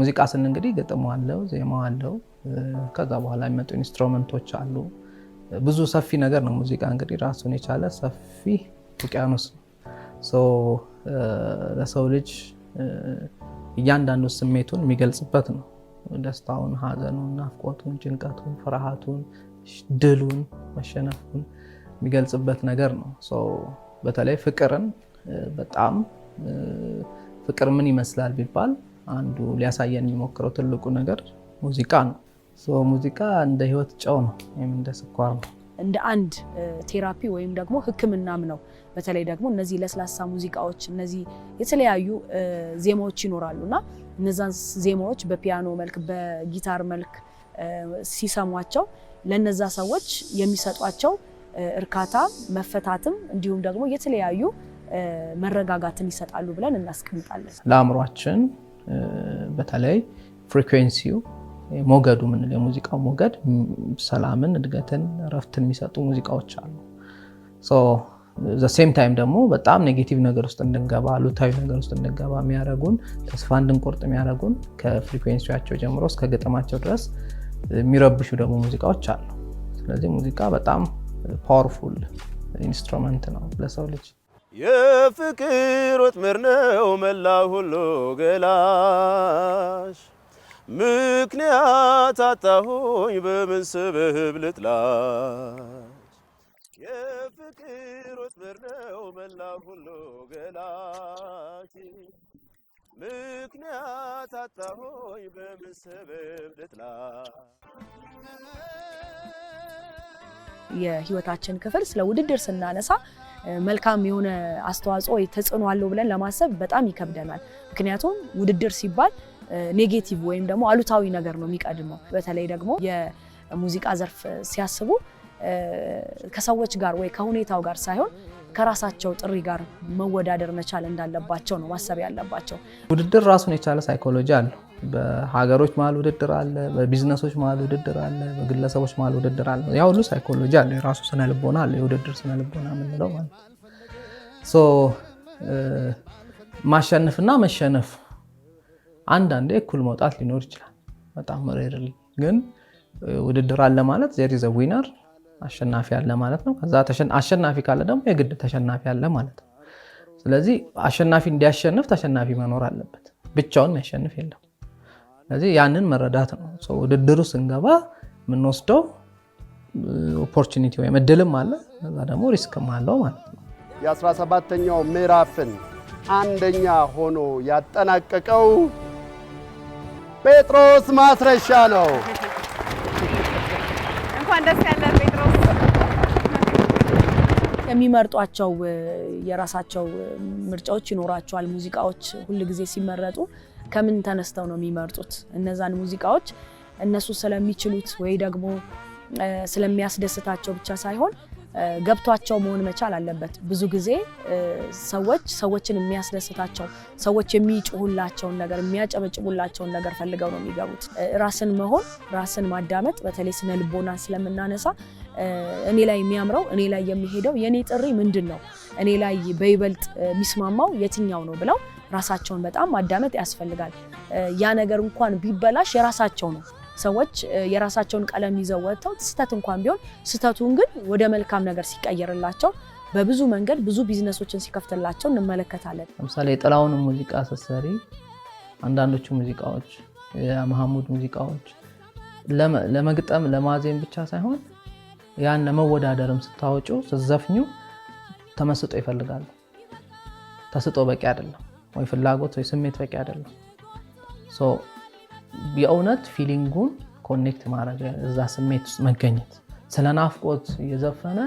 ሙዚቃ ስን እንግዲህ ገጥሞ አለው፣ ዜማው አለው፣ ከዛ በኋላ የሚመጡ ኢንስትሩመንቶች አሉ። ብዙ ሰፊ ነገር ነው። ሙዚቃ እንግዲህ ራሱን የቻለ ሰፊ ውቅያኖስ ነው። ለሰው ልጅ እያንዳንዱ ስሜቱን የሚገልጽበት ነው። ደስታውን፣ ሀዘኑን፣ ናፍቆቱን፣ ጭንቀቱን፣ ፍርሃቱን፣ ድሉን፣ መሸነፉን የሚገልጽበት ነገር ነው። በተለይ ፍቅርን በጣም ፍቅር ምን ይመስላል ቢባል አንዱ ሊያሳየን የሚሞክረው ትልቁ ነገር ሙዚቃ ነው። ሙዚቃ እንደ ህይወት ጨው ነው ወይም እንደ ስኳር ነው። እንደ አንድ ቴራፒ ወይም ደግሞ ህክምናም ነው። በተለይ ደግሞ እነዚህ ለስላሳ ሙዚቃዎች፣ እነዚህ የተለያዩ ዜማዎች ይኖራሉ እና እነዛን ዜማዎች በፒያኖ መልክ፣ በጊታር መልክ ሲሰሟቸው ለነዛ ሰዎች የሚሰጧቸው እርካታ፣ መፈታትም እንዲሁም ደግሞ የተለያዩ መረጋጋትን ይሰጣሉ ብለን እናስቀምጣለን ለአእምሯችን በተለይ ፍሪኩዌንሲው ሞገዱ ምን የሙዚቃው ሞገድ ሰላምን፣ እድገትን፣ እረፍትን የሚሰጡ ሙዚቃዎች አሉ። ዘሴም ታይም ደግሞ በጣም ኔጌቲቭ ነገር ውስጥ እንድንገባ አሉታዊ ነገር ውስጥ እንድንገባ የሚያደረጉን ተስፋ እንድንቆርጥ የሚያደረጉን ከፍሪኩዌንሲያቸው ጀምሮ እስከ ግጥማቸው ድረስ የሚረብሹ ደግሞ ሙዚቃዎች አሉ። ስለዚህ ሙዚቃ በጣም ፓወርፉል ኢንስትሩመንት ነው ለሰው ልጅ። የፍቅር ወጥመድ ነው መላ ሁሉ ገላሽ ምክንያት አጣሁኝ በምን ስብህብ ልጥላሽ የፍቅር ወጥመድ ነው መላ ሁሉ ገላሽ ምክንያት አጣሁኝ በምን ስብህብ ልጥላሽ የህይወታችን ክፍል ስለ ውድድር ስናነሳ መልካም የሆነ አስተዋጽኦ ተጽዕኖ አለው ብለን ለማሰብ በጣም ይከብደናል። ምክንያቱም ውድድር ሲባል ኔጌቲቭ ወይም ደግሞ አሉታዊ ነገር ነው የሚቀድመው። በተለይ ደግሞ የሙዚቃ ዘርፍ ሲያስቡ ከሰዎች ጋር ወይ ከሁኔታው ጋር ሳይሆን ከራሳቸው ጥሪ ጋር መወዳደር መቻል እንዳለባቸው ነው ማሰብ ያለባቸው። ውድድር ራሱን የቻለ ሳይኮሎጂ አለው። በሀገሮች መሀል ውድድር አለ፣ በቢዝነሶች መሀል ውድድር አለ፣ በግለሰቦች መሀል ውድድር አለ። ያ ሁሉ ሳይኮሎጂ አለ፣ የራሱ ስነ ልቦና አለ፣ የውድድር ስነ ልቦና የምንለው ማለት ማሸነፍና መሸነፍ አንዳንዴ እኩል መውጣት ሊኖር ይችላል። በጣም ሬር ግን ውድድር አለ ማለት ዜር ዘ ዊነር አሸናፊ አለ ማለት ነው። ከዛ አሸናፊ ካለ ደግሞ የግድ ተሸናፊ አለ ማለት ነው። ስለዚህ አሸናፊ እንዲያሸንፍ ተሸናፊ መኖር አለበት። ብቻውን የሚያሸንፍ የለም። ስለዚህ ያንን መረዳት ነው። ውድድሩ ስንገባ የምንወስደው ኦፖርቹኒቲ ወይም እድልም አለ፣ እዛ ደግሞ ሪስክም አለው ማለት ነው። የ17ኛው ምዕራፍን አንደኛ ሆኖ ያጠናቀቀው ጴጥሮስ ማስረሻ ነው። እንኳን ደስ ያለ ጴጥሮስ። የሚመርጧቸው የራሳቸው ምርጫዎች ይኖራቸዋል። ሙዚቃዎች ጊዜ ሲመረጡ ከምን ተነስተው ነው የሚመርጡት? እነዛን ሙዚቃዎች እነሱ ስለሚችሉት ወይ ደግሞ ስለሚያስደስታቸው ብቻ ሳይሆን ገብቷቸው መሆን መቻል አለበት። ብዙ ጊዜ ሰዎች ሰዎችን የሚያስደስታቸው ሰዎች የሚጮሁላቸውን ነገር የሚያጨበጭቡላቸውን ነገር ፈልገው ነው የሚገቡት። ራስን መሆን፣ ራስን ማዳመጥ፣ በተለይ ስነ ልቦና ስለምናነሳ እኔ ላይ የሚያምረው እኔ ላይ የሚሄደው የእኔ ጥሪ ምንድን ነው? እኔ ላይ በይበልጥ የሚስማማው የትኛው ነው ብለው ራሳቸውን በጣም ማዳመጥ ያስፈልጋል። ያ ነገር እንኳን ቢበላሽ የራሳቸው ነው። ሰዎች የራሳቸውን ቀለም ይዘው ወጥተው ስህተት እንኳን ቢሆን ስህተቱን ግን ወደ መልካም ነገር ሲቀየርላቸው በብዙ መንገድ ብዙ ቢዝነሶችን ሲከፍትላቸው እንመለከታለን። ለምሳሌ የጥላውን ሙዚቃ ስትሰሪ አንዳንዶቹ ሙዚቃዎች የመሐሙድ ሙዚቃዎች ለመግጠም ለማዜም ብቻ ሳይሆን ያን ለመወዳደርም ስታወጩ ስትዘፍኙ ተመስጦ ይፈልጋሉ ተስጦ በቂ አይደለም። ወይ ፍላጎት ወይ ስሜት በቂ አይደለም። የእውነት ፊሊንጉን ኮኔክት ማድረግ እዛ ስሜት ውስጥ መገኘት ስለ ናፍቆት እየዘፈነ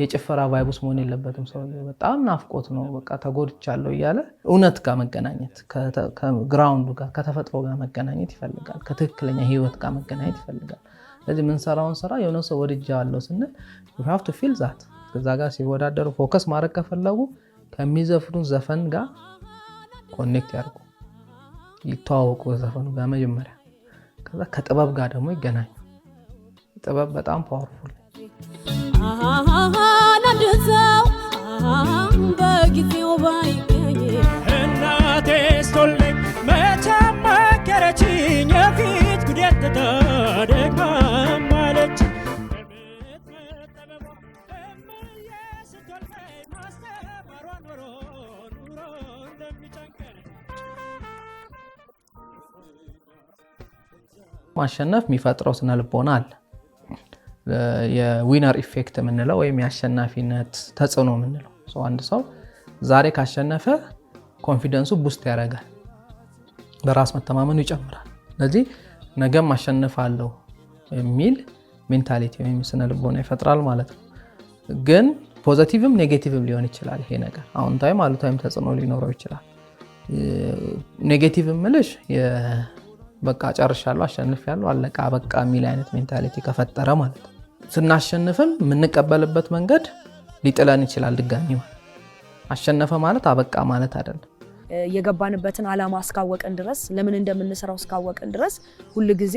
የጭፈራ ቫይቡስ መሆን የለበትም። ሰው በጣም ናፍቆት ነው በቃ ተጎድቻለሁ እያለ እውነት ጋር መገናኘት፣ ከግራውንዱ ጋር ከተፈጥሮ ጋር መገናኘት ይፈልጋል። ከትክክለኛ ህይወት ጋር መገናኘት ይፈልጋል። ስለዚህ የምንሰራውን ስራ የሆነ ሰው ወድጃ አለው ስንል ሀፍቱ ፊል ዛት ከዛ ጋር ሲወዳደሩ ፎከስ ማድረግ ከፈለጉ ከሚዘፍኑት ዘፈን ጋር ኮኔክት ያርጉ፣ ይተዋወቁ ዘፈኑ ጋር መጀመሪያ፣ ከዛ ከጥበብ ጋር ደግሞ ይገናኙ። ጥበብ በጣም ፓወርፉል ነው። ማሸነፍ የሚፈጥረው ስነልቦና አለ። የዊነር ኢፌክት የምንለው ወይም የአሸናፊነት ተጽዕኖ የምንለው አንድ ሰው ዛሬ ካሸነፈ ኮንፊደንሱ ቡስት ያደርጋል፣ በራስ መተማመኑ ይጨምራል። ስለዚህ ነገም አሸንፋለሁ የሚል ሜንታሊቲ ወይም ስነልቦና ይፈጥራል ማለት ነው። ግን ፖዘቲቭም ኔጌቲቭም ሊሆን ይችላል። ይሄ ነገር አዎንታዊም አሉታዊም ተጽዕኖ ሊኖረው ይችላል። ኔጌቲቭ ምልሽ በቃ ጨርሻለሁ፣ አሸንፊያለሁ፣ አለቃ በቃ የሚል አይነት ሜንታሊቲ ከፈጠረ ማለት ነው። ስናሸንፍም የምንቀበልበት መንገድ ሊጥለን ይችላል። ድጋሚ አሸነፈ ማለት አበቃ ማለት አይደለም። የገባንበትን ዓላማ እስካወቅን ድረስ ለምን እንደምንሰራው እስካወቅን ድረስ ሁል ጊዜ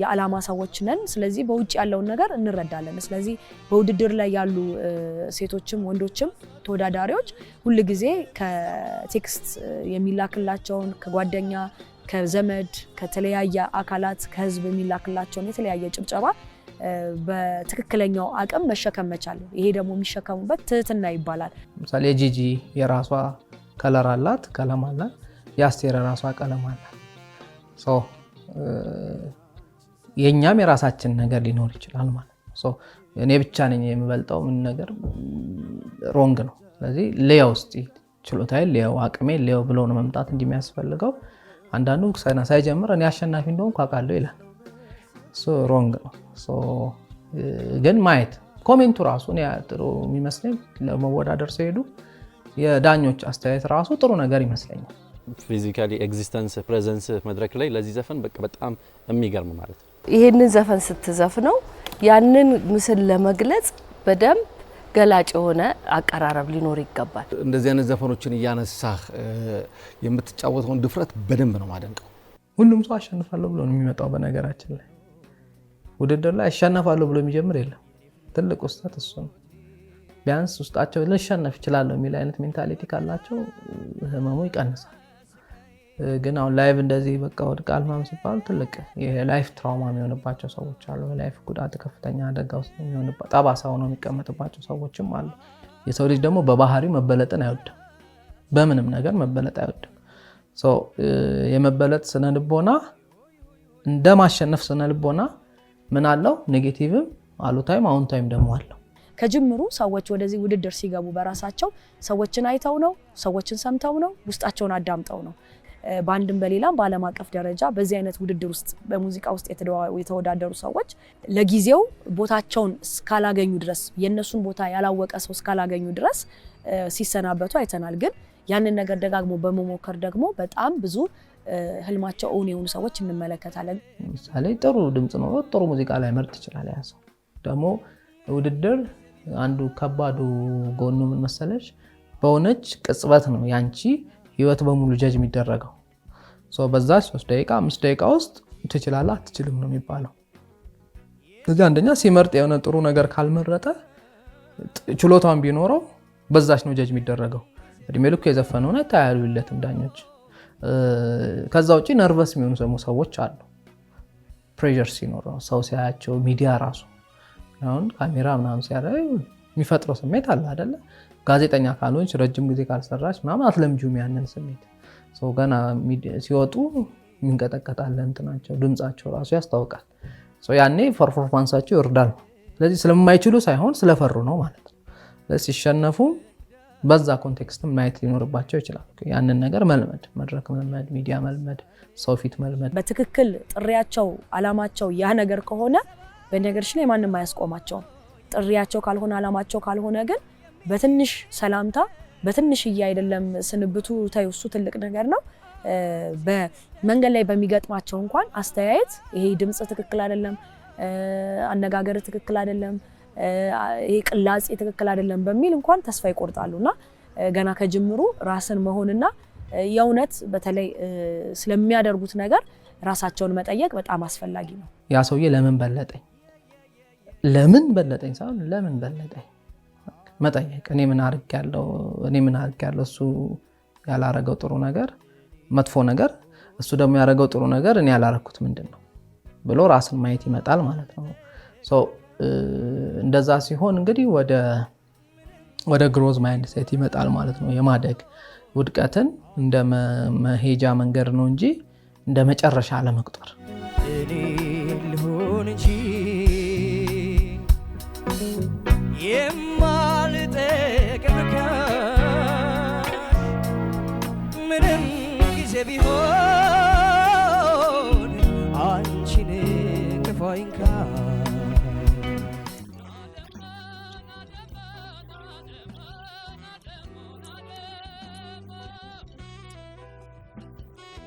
የዓላማ ሰዎች ነን። ስለዚህ በውጭ ያለውን ነገር እንረዳለን። ስለዚህ በውድድር ላይ ያሉ ሴቶችም ወንዶችም ተወዳዳሪዎች ሁል ጊዜ ከቴክስት የሚላክላቸውን ከጓደኛ ከዘመድ ከተለያየ አካላት ከህዝብ የሚላክላቸውን የተለያየ ጭብጨባ በትክክለኛው አቅም መሸከም መቻል። ይሄ ደግሞ የሚሸከሙበት ትህትና ይባላል። ለምሳሌ የጂጂ የራሷ ከለር አላት፣ ቀለም አላት። የአስቴር የራሷ ቀለም አላት። የእኛም የራሳችን ነገር ሊኖር ይችላል ማለት ነው። እኔ ብቻ ነኝ የምበልጠው ምን ነገር ሮንግ ነው። ስለዚህ ለያ ውስጥ ችሎታዬ ለያው አቅሜ ለያው ብሎ ነው መምጣት እንዲህ የሚያስፈልገው አንዳንዱ ሳይጀምር እኔ አሸናፊ እንደሆንኩ አውቃለሁ ይላል። ሮንግ ነው። ግን ማየት ኮሜንቱ ራሱ ጥሩ የሚመስለኝ ለመወዳደር ሲሄዱ የዳኞች አስተያየት ራሱ ጥሩ ነገር ይመስለኛል። ፊዚካሊ ኤግዚስተንስ ፕሬዘንስ መድረክ ላይ ለዚህ ዘፈን በ በጣም የሚገርም ማለት ነው። ይህንን ዘፈን ስትዘፍነው ያንን ምስል ለመግለጽ በደንብ ገላጭ የሆነ አቀራረብ ሊኖር ይገባል። እንደዚህ አይነት ዘፈኖችን እያነሳህ የምትጫወተውን ድፍረት በደንብ ነው ማደንቀው። ሁሉም ሰው አሸንፋለሁ ብሎ ነው የሚመጣው። በነገራችን ላይ ውድድር ላይ አሸነፋለሁ ብሎ የሚጀምር የለም። ትልቅ ውስጠት እሱ ነው። ቢያንስ ውስጣቸው ልሸነፍ ይችላለሁ የሚል አይነት ሜንታሊቲ ካላቸው ህመሙ ይቀንሳል። ግን አሁን ላይቭ እንደዚህ በቃ ወድቃል ምናምን ሲባሉ ትልቅ የላይፍ ትራውማ የሚሆንባቸው ሰዎች አሉ። የላይፍ ጉዳት ከፍተኛ አደጋ ውስጥ የሚሆንባቸው ጠባሳ ሆነው የሚቀመጥባቸው ሰዎችም አሉ። የሰው ልጅ ደግሞ በባህሪ መበለጥን አይወድም። በምንም ነገር መበለጥ አይወድም። የመበለጥ ስነ ልቦና እንደ ማሸነፍ ስነ ልቦና ምን አለው? ኔጌቲቭም አሉታዊም አዎንታዊም ደግሞ አለው። ከጅምሩ ሰዎች ወደዚህ ውድድር ሲገቡ በራሳቸው ሰዎችን አይተው ነው፣ ሰዎችን ሰምተው ነው፣ ውስጣቸውን አዳምጠው ነው በአንድም በሌላም በዓለም አቀፍ ደረጃ በዚህ አይነት ውድድር ውስጥ በሙዚቃ ውስጥ የተወዳደሩ ሰዎች ለጊዜው ቦታቸውን እስካላገኙ ድረስ የእነሱን ቦታ ያላወቀ ሰው እስካላገኙ ድረስ ሲሰናበቱ አይተናል። ግን ያንን ነገር ደጋግሞ በመሞከር ደግሞ በጣም ብዙ ህልማቸው እውን የሆኑ ሰዎች እንመለከታለን። ምሳሌ ጥሩ ድምፅ ነው፣ ጥሩ ሙዚቃ ላይ መርጥ ይችላል። ያ ሰው ደግሞ ውድድር አንዱ ከባዱ ጎኑ ምን መሰለሽ፣ በሆነች ቅጽበት ነው ያንቺ ህይወት በሙሉ ጀጅ የሚደረገው። በዛ ሶስት ደቂቃ አምስት ደቂቃ ውስጥ ትችላለ አትችልም ነው የሚባለው። ስለዚህ አንደኛ ሲመርጥ የሆነ ጥሩ ነገር ካልመረጠ ችሎታን ቢኖረው በዛች ነው ጀጅ የሚደረገው። እድሜ ልኩ ሆነ አያሉለትም ዳኞች። ከዛ ውጭ ነርቨስ የሚሆኑ ደግሞ ሰዎች አሉ። ፕሬር ሲኖር ሰው ሲያያቸው ሚዲያ ራሱ አሁን ካሜራ ምናምን ሲያረ የሚፈጥረው ስሜት አለ አይደለ? ጋዜጠኛ ካልሆንች ረጅም ጊዜ ካልሰራች ምናምን አትለምጂውም ያንን ስሜት ሰው ገና ሲወጡ ይንቀጠቀጣል እንትናቸው ድምፃቸው ራሱ ያስታውቃል። ያኔ ፐርፎርማንሳቸው ይወርዳል። ስለዚህ ስለማይችሉ ሳይሆን ስለፈሩ ነው ማለት ነው። ሲሸነፉ በዛ ኮንቴክስትም ማየት ሊኖርባቸው ይችላል። ያንን ነገር መልመድ፣ መድረክ መልመድ፣ ሚዲያ መልመድ፣ ሰው ፊት መልመድ። በትክክል ጥሪያቸው፣ አላማቸው ያ ነገር ከሆነ በነገርሽ ላይ ማንም አያስቆማቸውም። ጥሪያቸው ካልሆነ አላማቸው ካልሆነ ግን በትንሽ ሰላምታ በትንሽዬ አይደለም ስንብቱ ታዩ። እሱ ትልቅ ነገር ነው። በመንገድ ላይ በሚገጥማቸው እንኳን አስተያየት ይሄ ድምፅ ትክክል አይደለም፣ አነጋገር ትክክል አይደለም፣ ይሄ ቅላጼ ትክክል አይደለም በሚል እንኳን ተስፋ ይቆርጣሉና ገና ከጅምሩ ራስን መሆንና የእውነት በተለይ ስለሚያደርጉት ነገር ራሳቸውን መጠየቅ በጣም አስፈላጊ ነው። ያ ሰውዬ ለምን በለጠኝ፣ ለምን በለጠኝ ሳይሆን ለምን በለጠኝ መጠየቅ እኔ ምን አድርጌያለሁ እኔ ምን አድርጌያለሁ እሱ ያላረገው ጥሩ ነገር መጥፎ ነገር እሱ ደግሞ ያደረገው ጥሩ ነገር እኔ ያላረኩት ምንድን ነው ብሎ ራስን ማየት ይመጣል ማለት ነው እንደዛ ሲሆን እንግዲህ ወደ ግሮዝ ማይንድ ሴት ይመጣል ማለት ነው የማደግ ውድቀትን እንደ መሄጃ መንገድ ነው እንጂ እንደ መጨረሻ አለመቁጠር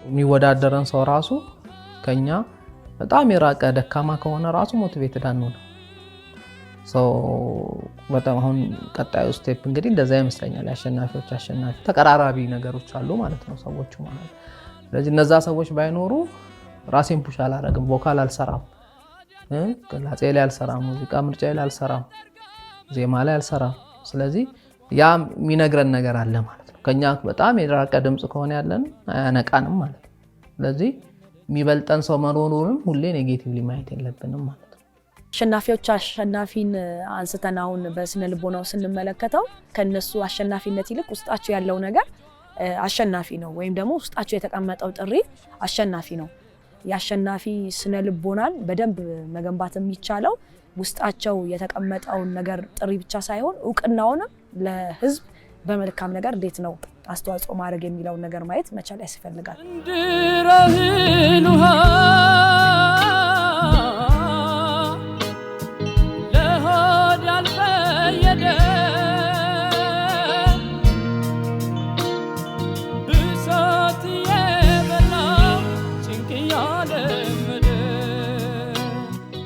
የሚወዳደረን ሰው ራሱ ከኛ በጣም የራቀ ደካማ ከሆነ ራሱ ሞቲቬትድ ነው በጣም አሁን ቀጣዩ ስቴፕ እንግዲህ እንደዛ ይመስለኛል። የአሸናፊዎች አሸናፊ ተቀራራቢ ነገሮች አሉ ማለት ነው ሰዎቹ ማለት። ስለዚህ እነዛ ሰዎች ባይኖሩ ራሴን ፑሽ አላረግም፣ ቮካል አልሰራም፣ ቅላጼ ላይ አልሰራም፣ ሙዚቃ ምርጫ ላይ አልሰራም፣ ዜማ ላይ አልሰራም። ስለዚህ ያ የሚነግረን ነገር አለ ማለት ከኛ በጣም የራቀ ድምፅ ከሆነ ያለን አያነቃንም ማለት ነው። ስለዚህ የሚበልጠን ሰው መኖሩንም ሁሌ ኔጌቲቭሊ ማየት የለብንም ማለት ነው። አሸናፊዎች አሸናፊን አንስተን አሁን በስነ ልቦናው ስንመለከተው ከነሱ አሸናፊነት ይልቅ ውስጣቸው ያለው ነገር አሸናፊ ነው ወይም ደግሞ ውስጣቸው የተቀመጠው ጥሪ አሸናፊ ነው። የአሸናፊ ስነ ልቦናን በደንብ መገንባት የሚቻለው ውስጣቸው የተቀመጠውን ነገር ጥሪ ብቻ ሳይሆን እውቅናውንም ለህዝብ በመልካም ነገር እንዴት ነው አስተዋጽኦ ማድረግ የሚለውን ነገር ማየት መቻል ያስፈልጋል።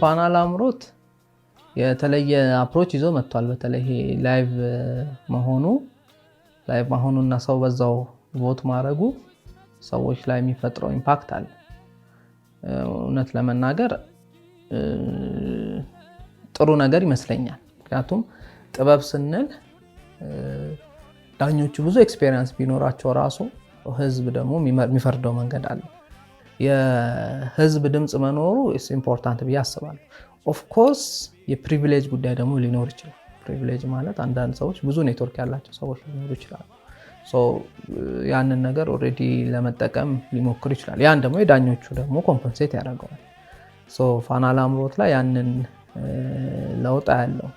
ፋና ላምሮት የተለየ አፕሮች ይዞ መጥቷል። በተለይ ላይቭ መሆኑ ላይ መሆኑና ሰው በዛው ቮት ማድረጉ ሰዎች ላይ የሚፈጥረው ኢምፓክት አለ። እውነት ለመናገር ጥሩ ነገር ይመስለኛል። ምክንያቱም ጥበብ ስንል ዳኞቹ ብዙ ኤክስፔሪንስ ቢኖራቸው ራሱ ህዝብ ደግሞ የሚፈርደው መንገድ አለ። የህዝብ ድምፅ መኖሩ ኢምፖርታንት ብዬ አስባለሁ። ኦፍኮርስ የፕሪቪሌጅ ጉዳይ ደግሞ ሊኖር ይችላል። ፕሪቪሌጅ ማለት አንዳንድ ሰዎች ብዙ ኔትወርክ ያላቸው ሰዎች ሊኖሩ ይችላሉ። ያንን ነገር ኦልሬዲ ለመጠቀም ሊሞክር ይችላል። ያን ደግሞ የዳኞቹ ደግሞ ኮምፐንሴት ያደርገዋል። ፋና ላምሮት ላይ ያንን ለውጥ ያለው